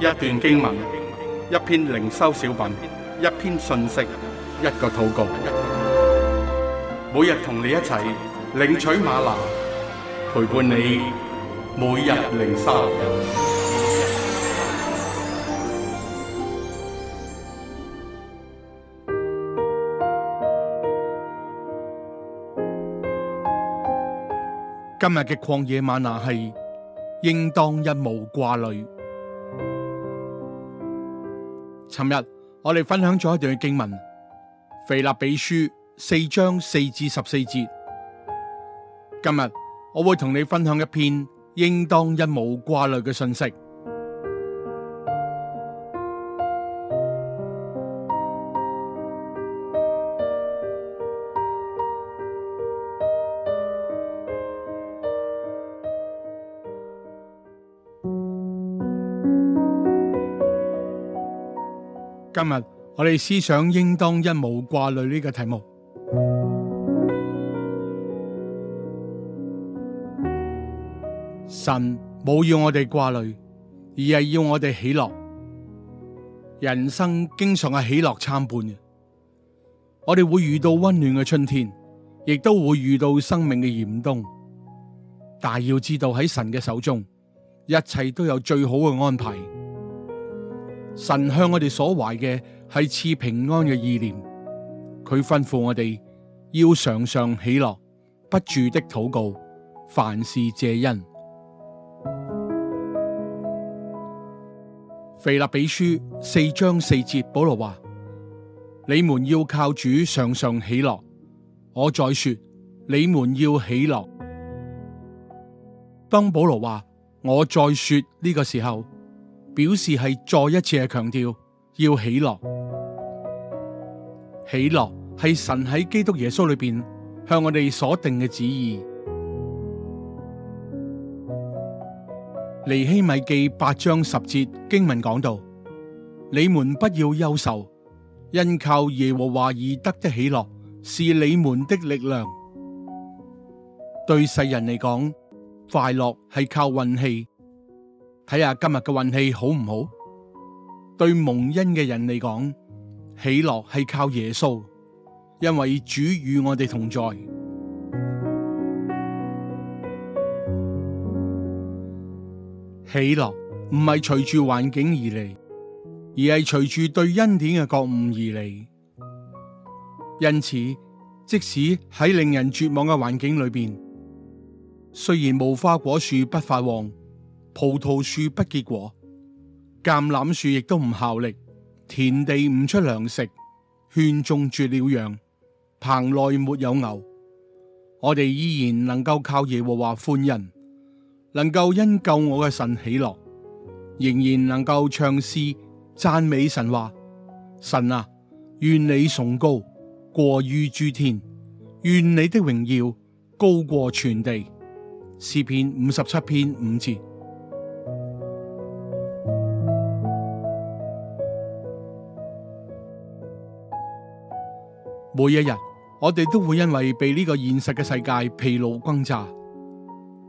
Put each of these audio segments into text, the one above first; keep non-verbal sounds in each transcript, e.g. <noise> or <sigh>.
一段經文、一篇靈修小品、一篇信息、一個禱告。每日同你一齊，領取嗎哪。尋日我哋分享咗一段經文，《腓立比書》四章四至十四節。今日我會同你分享一篇應當一無掛慮嘅信息。今日我哋思想應當一無掛慮呢個題目。神冇要我哋掛慮，而係要我哋喜樂。人生經常係喜樂參半嘅，我哋會遇到溫暖嘅春天，亦都會遇到生命嘅嚴冬。但要知道喺神嘅手中，一切都有最好嘅安排。神向我哋所懷嘅係賜平安嘅意念，佢吩咐我哋要常常喜樂，不住的禱告，凡事謝恩。腓立比書四章四節，保羅話：你們要靠主常常喜樂。我再說，你們要喜樂。當保羅話我再說呢、這個時候。表示係再一次嘅強調，要喜樂。喜樂係神喺基督耶穌裏邊向我哋所定嘅旨意。尼希米記八章十節經文講到：你們不要憂愁，因靠耶和華而得的喜樂，是你們的力量。對世人嚟講，快樂係靠運氣。睇下今日嘅運氣好唔好？對蒙恩嘅人嚟講，喜樂係靠耶穌，因為主與我哋同在。喜樂唔係隨住環境而嚟，而係隨住對恩典嘅覺悟而嚟。因此，即使喺令人絕望嘅環境裏邊，雖然無花果樹不發旺。葡萄樹不結果，橄欖樹亦都唔效力，田地唔出糧食，圈中絕了羊，棚內沒有牛。我哋依然能夠靠耶和華歡欣，能夠因救我嘅神喜樂，仍然能夠唱詩讚美神話。神啊，願你崇高過於諸天，願你的榮耀高過全地。詩篇五十七篇五節。每一日，我哋都會因為被呢個現實嘅世界疲勞轟炸，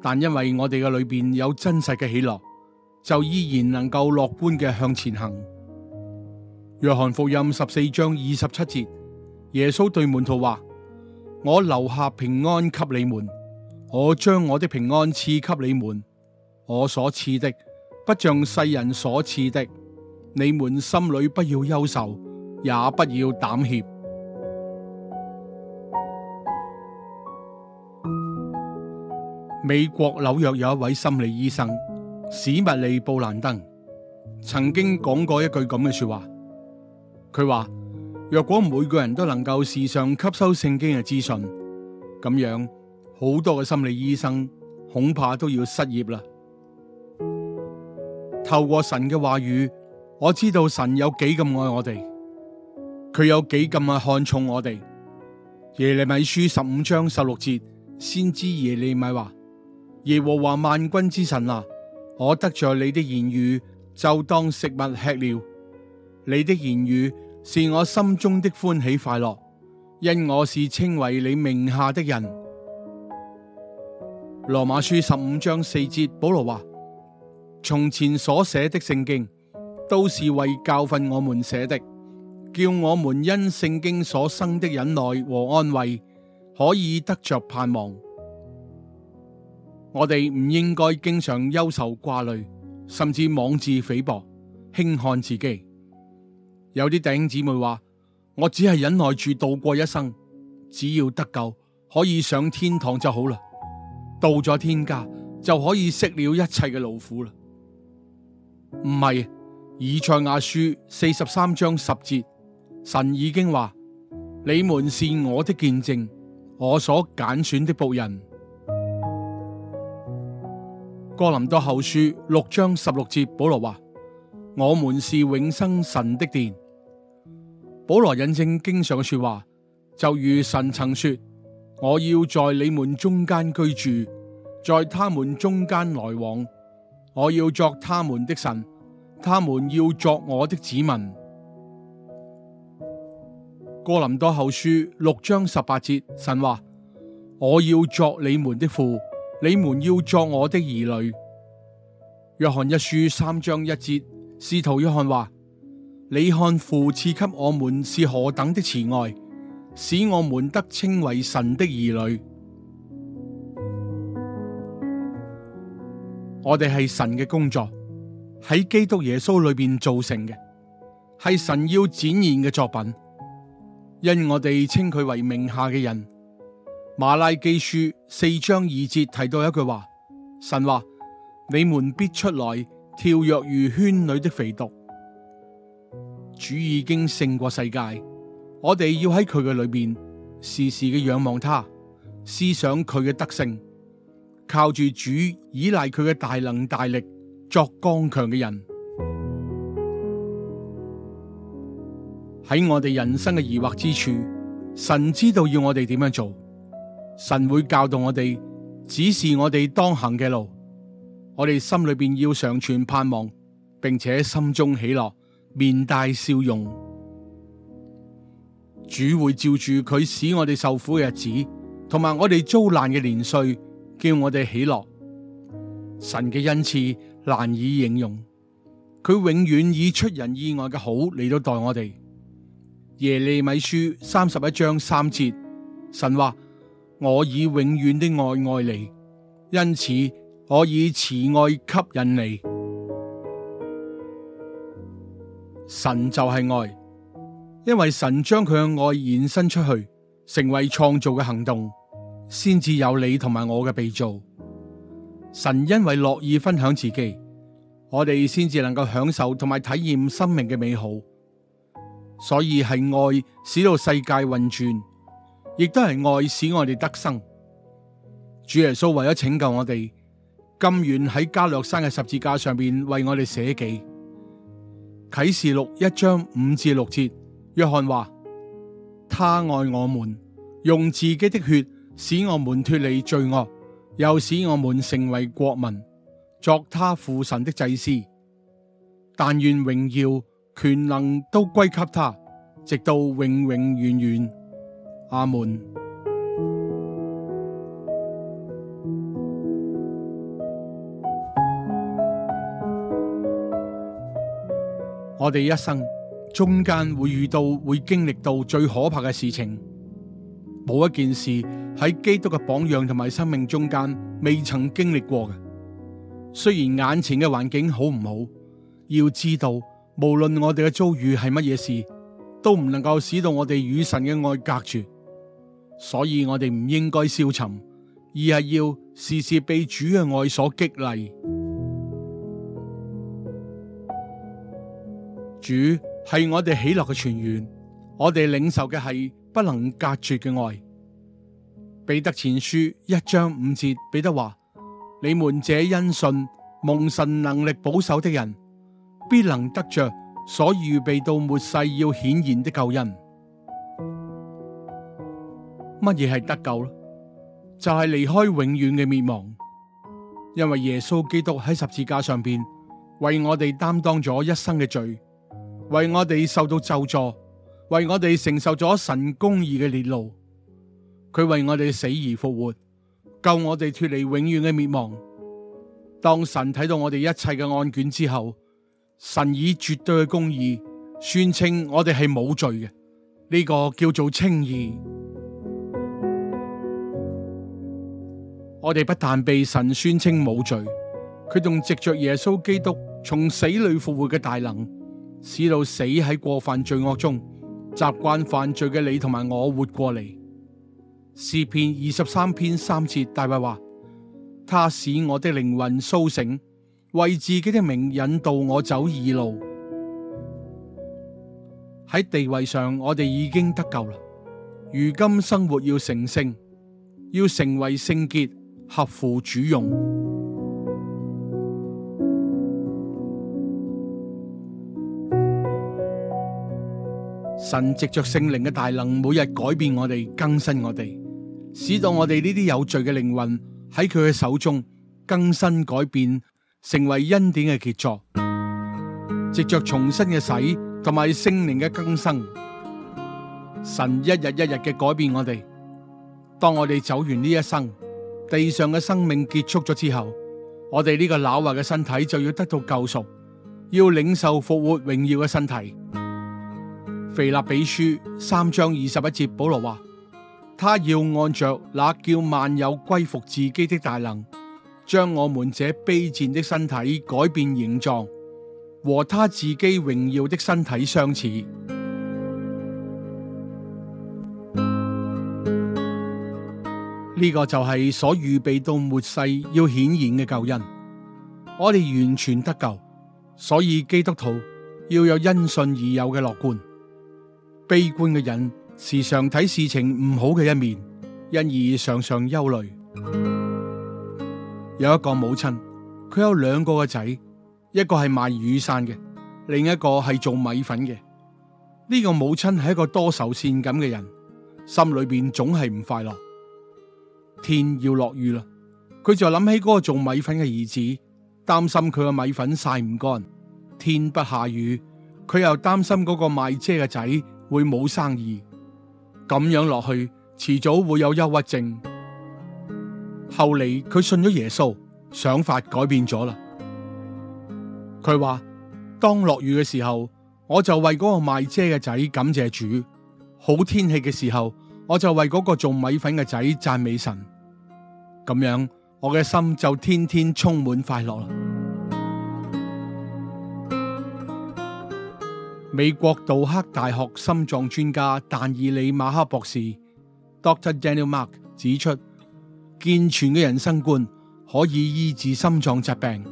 但因為我哋嘅裏邊有真實嘅喜樂，就依然能夠樂觀嘅向前行。約翰福音十四章二十七節，耶穌對門徒話：我留下平安給你們，我將我的平安賜給你們，我所賜的不像世人所賜的，你們心裏不要憂愁，也不要膽怯。美國紐約有一位心理醫生史密利布蘭登曾經講過一句咁嘅說話。佢話：若果每個人都能夠時常吸收聖經嘅資訊，咁樣好多嘅心理醫生恐怕都要失業啦。透過神嘅話語，我知道神有幾咁愛我哋，佢有幾咁啊看重我哋。耶利米書十五章十六節，先知耶利米話。耶和華萬軍之神啊，我得着你的言語，就當食物吃了。你的言語是我心中的歡喜快樂，因我是稱為你名下的人。羅馬書十五章四節，保羅話：從前所寫的聖經，都是為教訓我們寫的，叫我們因聖經所生的忍耐和安慰，可以得着盼望。我哋唔應該經常憂愁掛慮，甚至妄自菲薄、輕看自己。有啲弟兄姊妹話：我只係忍耐住度過一生，只要得救，可以上天堂就好啦。到咗天家就可以釋了一切嘅勞苦啦。唔係，以賽亞書四十三章十節，神已經話：你們是我的見證，我所揀選的僕人。哥林多後書六章十六節，保羅話：我們是永生神的殿。」保羅引證經上嘅說話，就如神曾說：我要在你們中間居住，在他們中間來往，我要作他們的神，他們要作我的子民。哥林多後書六章十八節，神話：我要作你們的父。你們要作我的兒女。約翰一書三章一節，使徒約翰話：你看父賜給我們是何等的慈愛，使我們得稱為神的兒女。我哋係神嘅工作，喺基督耶穌裏邊造成嘅，係神要展現嘅作品。因我哋稱佢為名下嘅人。馬拉基書四章二節提到一句話：神話你們必出來跳躍如圈裏的肥犢。主已經勝過世界，我哋要喺佢嘅裏邊，時時嘅仰望他，思想佢嘅德性，靠住主依賴佢嘅大能大力，作剛強嘅人。喺我哋人生嘅疑惑之處，神知道要我哋點樣做。神會教導我哋，指示我哋當行嘅路，我哋心裏邊要常存盼望，並且心中喜樂，面帶笑容。主會照住佢使我哋受苦嘅日子，同埋我哋遭難嘅年歲，叫我哋喜樂。神嘅恩賜難以形容，佢永遠以出人意外嘅好嚟到待我哋。耶利米書三十一章三節，神話。我以永遠的愛愛你，因此我以慈愛吸引你。神就係愛，因為神將佢嘅愛延伸出去，成為創造嘅行動，先至有你同埋我嘅被造。神因為樂意分享自己，我哋先至能夠享受同埋體驗生命嘅美好。所以係愛使到世界運轉。亦都係愛使我哋得生，主耶穌為咗拯救我哋，甘願喺加略山嘅十字架上面為我哋捨己。啟示錄一章五至六節，約翰話：他愛我們，用自己的血使我們脫離罪惡，又使我們成為國民，作他父神的祭司。但願榮耀權能都歸給他，直到永永遠遠。阿門。我哋一生中間會遇到、會經歷到最可怕嘅事情，冇一件事喺基督嘅榜樣同埋生命中間未曾經歷過嘅。雖然眼前嘅環境好唔好，要知道，無論我哋嘅遭遇係乜嘢事，都唔能夠使到我哋與神嘅愛隔住。所以我哋唔應該消沉，而係要時時被主嘅愛所激勵。主係我哋喜樂嘅泉源，我哋領受嘅係不能隔絕嘅愛。彼得前書一章五節，彼得話：你們這因信蒙神能力保守的人，必能得着所預備到末世要顯現的救恩。乜嘢係得救咯？就係、是、離開永遠嘅滅亡，因為耶穌基督喺十字架上邊為我哋擔當咗一生嘅罪，為我哋受到咒詛，為我哋承受咗神公義嘅烈怒。佢為我哋死而復活，救我哋脱離永遠嘅滅亡。當神睇到我哋一切嘅案卷之後，神以絕對嘅公義宣稱我哋係冇罪嘅，呢、這個叫做稱義。我哋不但被神宣稱無罪，佢仲藉着耶穌基督從死裏復活嘅大能，使到死喺過犯罪惡中習慣犯罪嘅你同埋我活過嚟。詩篇二十三篇三節大衛話：「他使我的靈魂蘇醒，為自己的名引導我走義路。喺地位上，我哋已經得救啦。如今生活要成聖，要成為聖潔。合乎主用，神藉着聖靈嘅大能，每日改變我哋，更新我哋，使到我哋呢啲有罪嘅靈魂喺佢嘅手中更新改變，成為恩典嘅傑作。藉着重生嘅洗同埋聖靈嘅更新，神一日一日嘅改變我哋。當我哋走完呢一生，地上嘅生命結束咗之後，我哋呢個朽壞嘅身體就要得到救贖，要領受復活榮耀嘅身體。腓立比書三章二十一節，保羅話：他要按着那叫萬有歸服自己的大能，將我們這卑賤的身體改變形狀，和他自己榮耀的身體相似。呢、呢個就係所預備到末世要顯現嘅救恩，我哋完全得救，所以基督徒要有因信而有嘅樂觀。悲觀嘅人時常睇事情唔好嘅一面，因而常常憂慮。有一個母親，佢有兩個嘅仔，一個係賣雨傘嘅，另一個係做米粉嘅。呢、呢個母親係一個多愁善感嘅人，心裏邊總係唔快樂。天要落雨啦，佢就諗起嗰個做米粉嘅兒子，擔心佢個米粉曬唔乾。天不下雨，佢又擔心嗰個賣遮嘅仔會冇生意。咁樣落去，遲早會有憂鬱症。後嚟佢信咗耶穌，想法改變咗啦。佢話當落雨嘅時候，我就為嗰個賣遮嘅仔感謝主；好天氣嘅時候，我就為嗰個做米粉嘅仔讚美神。咁樣，我嘅心就天天充滿快樂啦。美國杜克大學心臟專家但爾里馬克博士 （Dr. Daniel Mark） 指出，健全嘅人生觀可以醫治心臟疾病。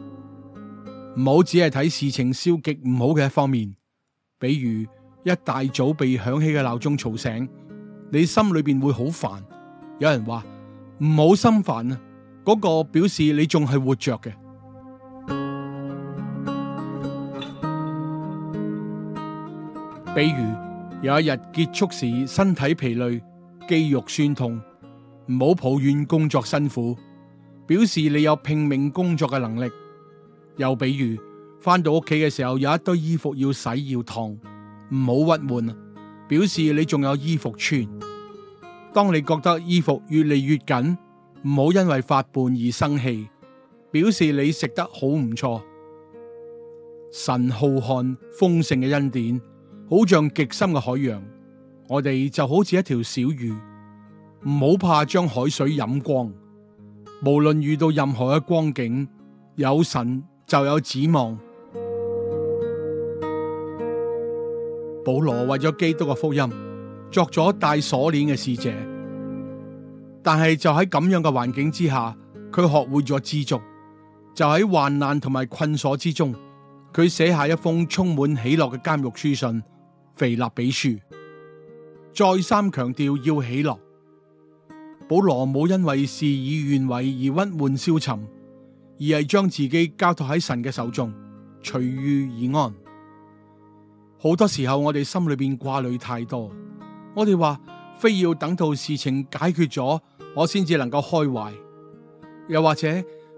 唔好只係睇事情消極唔好嘅一方面，比如一大早被響起嘅鬧鐘吵醒，你心裏面會好煩。有人話。唔好心煩啊！嗰個表示你仲係活着嘅。比如有一日結束時身體疲累，肌肉酸痛，唔好抱怨工作辛苦，表示你有拼命工作嘅能力。又比如翻到屋企嘅時候有一堆衣服要洗要燙，唔好鬱悶啊！表示你仲有衣服穿。當你覺得衣服越嚟越緊，唔好因為發胖而生氣，表示你食得好唔錯。神浩瀚豐盛嘅恩典，好像極深嘅海洋，我哋就好似一條小魚，唔好怕將海水飲光。無論遇到任何嘅光景，有神就有指望。保羅為咗基督嘅福音。作咗帶鎖鏈嘅使者，但係就喺咁樣嘅環境之下，佢學會咗知足。就喺患難同埋困鎖之中，佢寫下一封充滿喜樂嘅監獄書信《腓立比書》，再三強調要喜樂。保羅冇因為事與願違而鬱悶消沉，而係將自己交託喺神嘅手中，隨遇而安。好多時候，我哋心裏邊掛慮太多。我哋話，非要等到事情解決咗，我先至能夠開懷；又或者，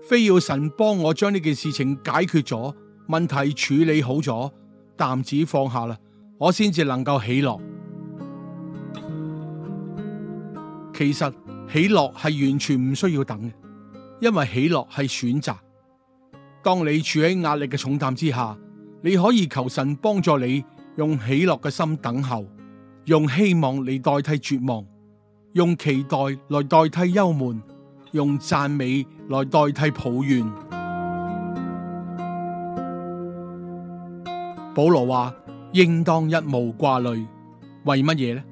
非要神幫我將呢件事情解決咗，問題處理好咗，擔子放下啦，我先至能夠喜樂。其實喜樂係完全唔需要等嘅，因為喜樂係選擇。當你處喺壓力嘅重擔之下，你可以求神幫助你，用喜樂嘅心等候。用希望嚟代替絕望，用期待來代替憂悶，用讚美來代替抱怨。保羅話：應當一無掛慮。為乜嘢呢？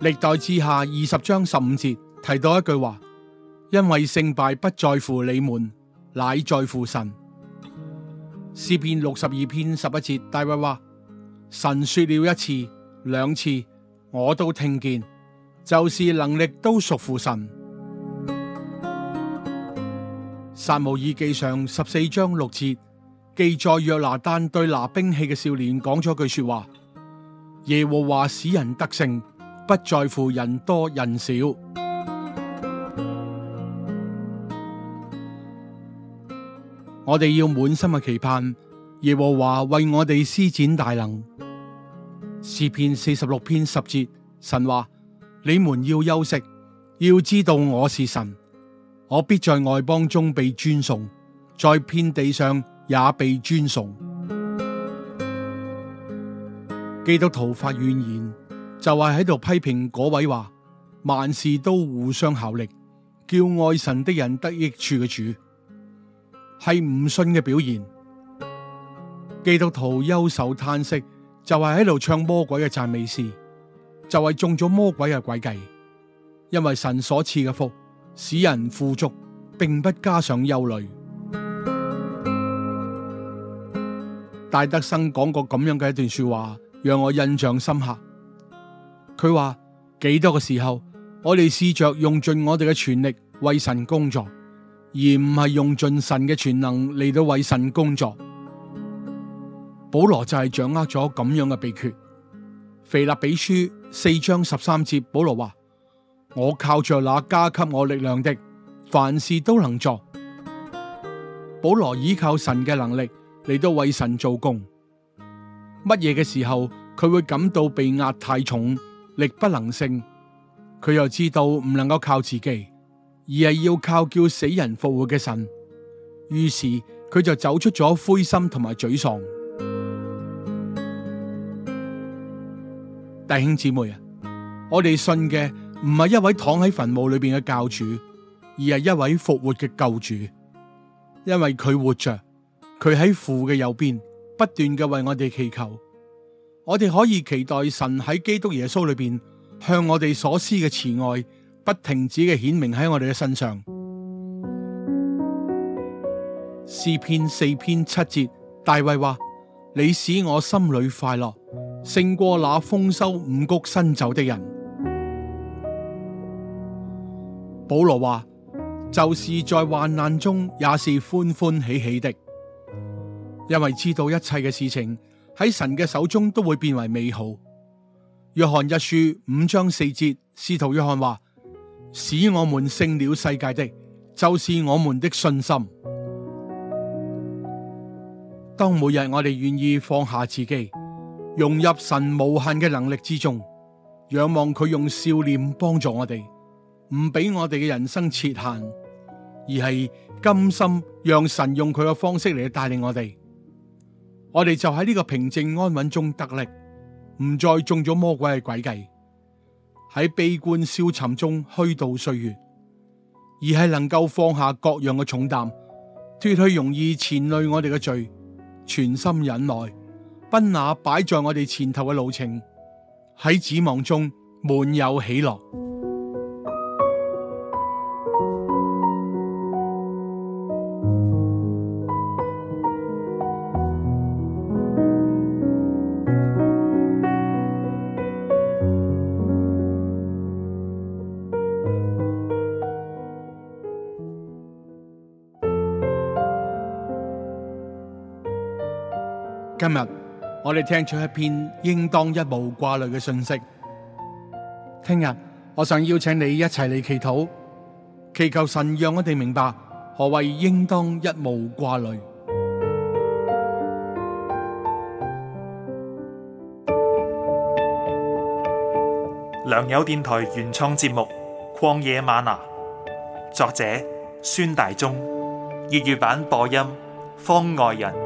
歷代志下二十章十五節提到一句話：因為勝敗不在乎你們，乃在乎神。詩篇六十二篇十一節大衛話：神說了一次。兩次我都聽見，就是能力都屬乎神。撒母耳記上十四章六節記載，約拿單對拿兵器嘅少年講咗句說話：耶和華使人得勝，不在乎人多人少。我哋要滿心嘅期盼，耶和華為我哋施展大能。詩篇四十六篇十節，神話你們要休息，要知道我是神，我必在外邦中被尊崇，在遍地上也被尊崇。基督徒發怨言，就係喺度批評嗰位話，萬事都互相效力，叫愛神的人得益處嘅主，係唔信嘅表現。基督徒憂愁嘆息。就係喺度唱魔鬼嘅讚美詩，就係、是、中咗魔鬼嘅詭計，因為神所賜嘅福使人富足，並不加上憂慮。戴 <music> 德生講過咁樣嘅一段說話，讓我印象深刻。佢話：幾多個時候，我哋試着用盡我哋嘅全力為神工作，而唔係用盡神嘅全能嚟到為神工作。保羅就係掌握咗咁樣嘅秘訣。腓立比書四章十三節，保羅話：我靠着那加給我力量的，凡事都能做。保羅依靠神嘅能力嚟到為神做工。乜嘢嘅時候，佢會感到被壓太重，力不能勝。佢又知道唔能夠靠自己，而係要靠叫死人復活嘅神。於是佢就走出咗灰心同埋沮喪。弟兄姊妹啊，我哋信嘅唔係一位躺喺墳墓裏邊嘅教主，而係一位復活嘅救主。因為佢活着，佢喺父嘅右邊，不斷嘅為我哋祈求。我哋可以期待神喺基督耶穌裏邊向我哋所施嘅慈愛，不停止嘅顯明喺我哋嘅身上。詩篇四篇七節，大衛話：你使我心裏快樂。勝過那豐收五穀新酒的人。保羅話：就是在患難中，也是歡歡喜喜的，因為知道一切嘅事情喺神嘅手中都會變為美好。約翰一書五章四節，使徒約翰話：使我們勝了世界的，就是我們的信心。當每日我哋願意放下自己。融入神無限嘅能力之中，仰望佢用笑臉幫助我哋，唔俾我哋嘅人生設限，而係甘心讓神用佢嘅方式嚟帶領我哋。我哋就喺呢個平靜安穩中得力，唔再中咗魔鬼嘅詭計，喺悲觀消沉中虛度歲月，而係能夠放下各樣嘅重擔，脱去容易纏累我哋嘅罪，全心忍耐。奔那擺在我哋前頭嘅路程，喺指望中滿有喜樂。今日，我哋聽出一篇應當一無掛慮嘅信息。聽日，我想邀請你一齊嚟祈禱，祈求神讓我哋明白何謂應當一無掛慮。良友電台原創節目《曠野嗎哪》，作者孫大中，粵語版播音方外人。